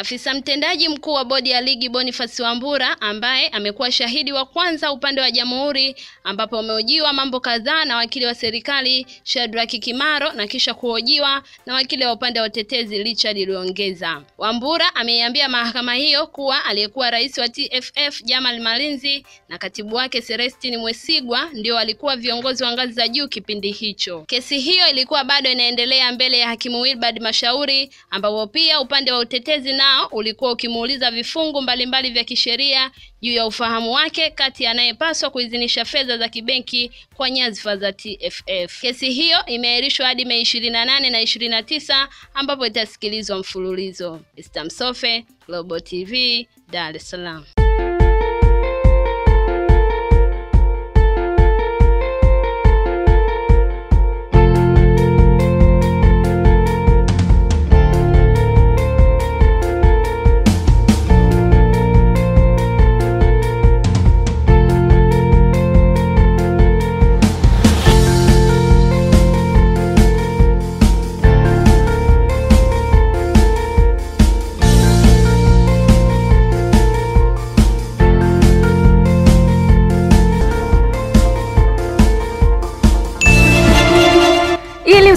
Afisa mtendaji mkuu wa bodi ya ligi Boniface Wambura ambaye amekuwa shahidi wa kwanza upande wa Jamhuri ambapo ameojiwa mambo kadhaa na wakili wa serikali Shadrack Kimaro na kisha kuhojiwa na wakili wa upande wa utetezi Richard Liongeza. Wambura ameiambia mahakama hiyo kuwa aliyekuwa rais wa TFF Jamal Malinzi na katibu wake Celestine Mwesigwa ndio walikuwa viongozi wa ngazi za juu kipindi hicho. Kesi hiyo ilikuwa bado inaendelea mbele ya hakimu Wilbard Mashauri ambapo pia upande wa utetezi na nao ulikuwa ukimuuliza vifungu mbalimbali vya kisheria juu ya ufahamu wake kati ya anayepaswa kuidhinisha fedha za kibenki kwa nyadhifa za TFF. Kesi hiyo imeahirishwa hadi Mei 28 na 29 ambapo itasikilizwa mfululizo. Esther Msofe, Global TV, Dar es Salaam.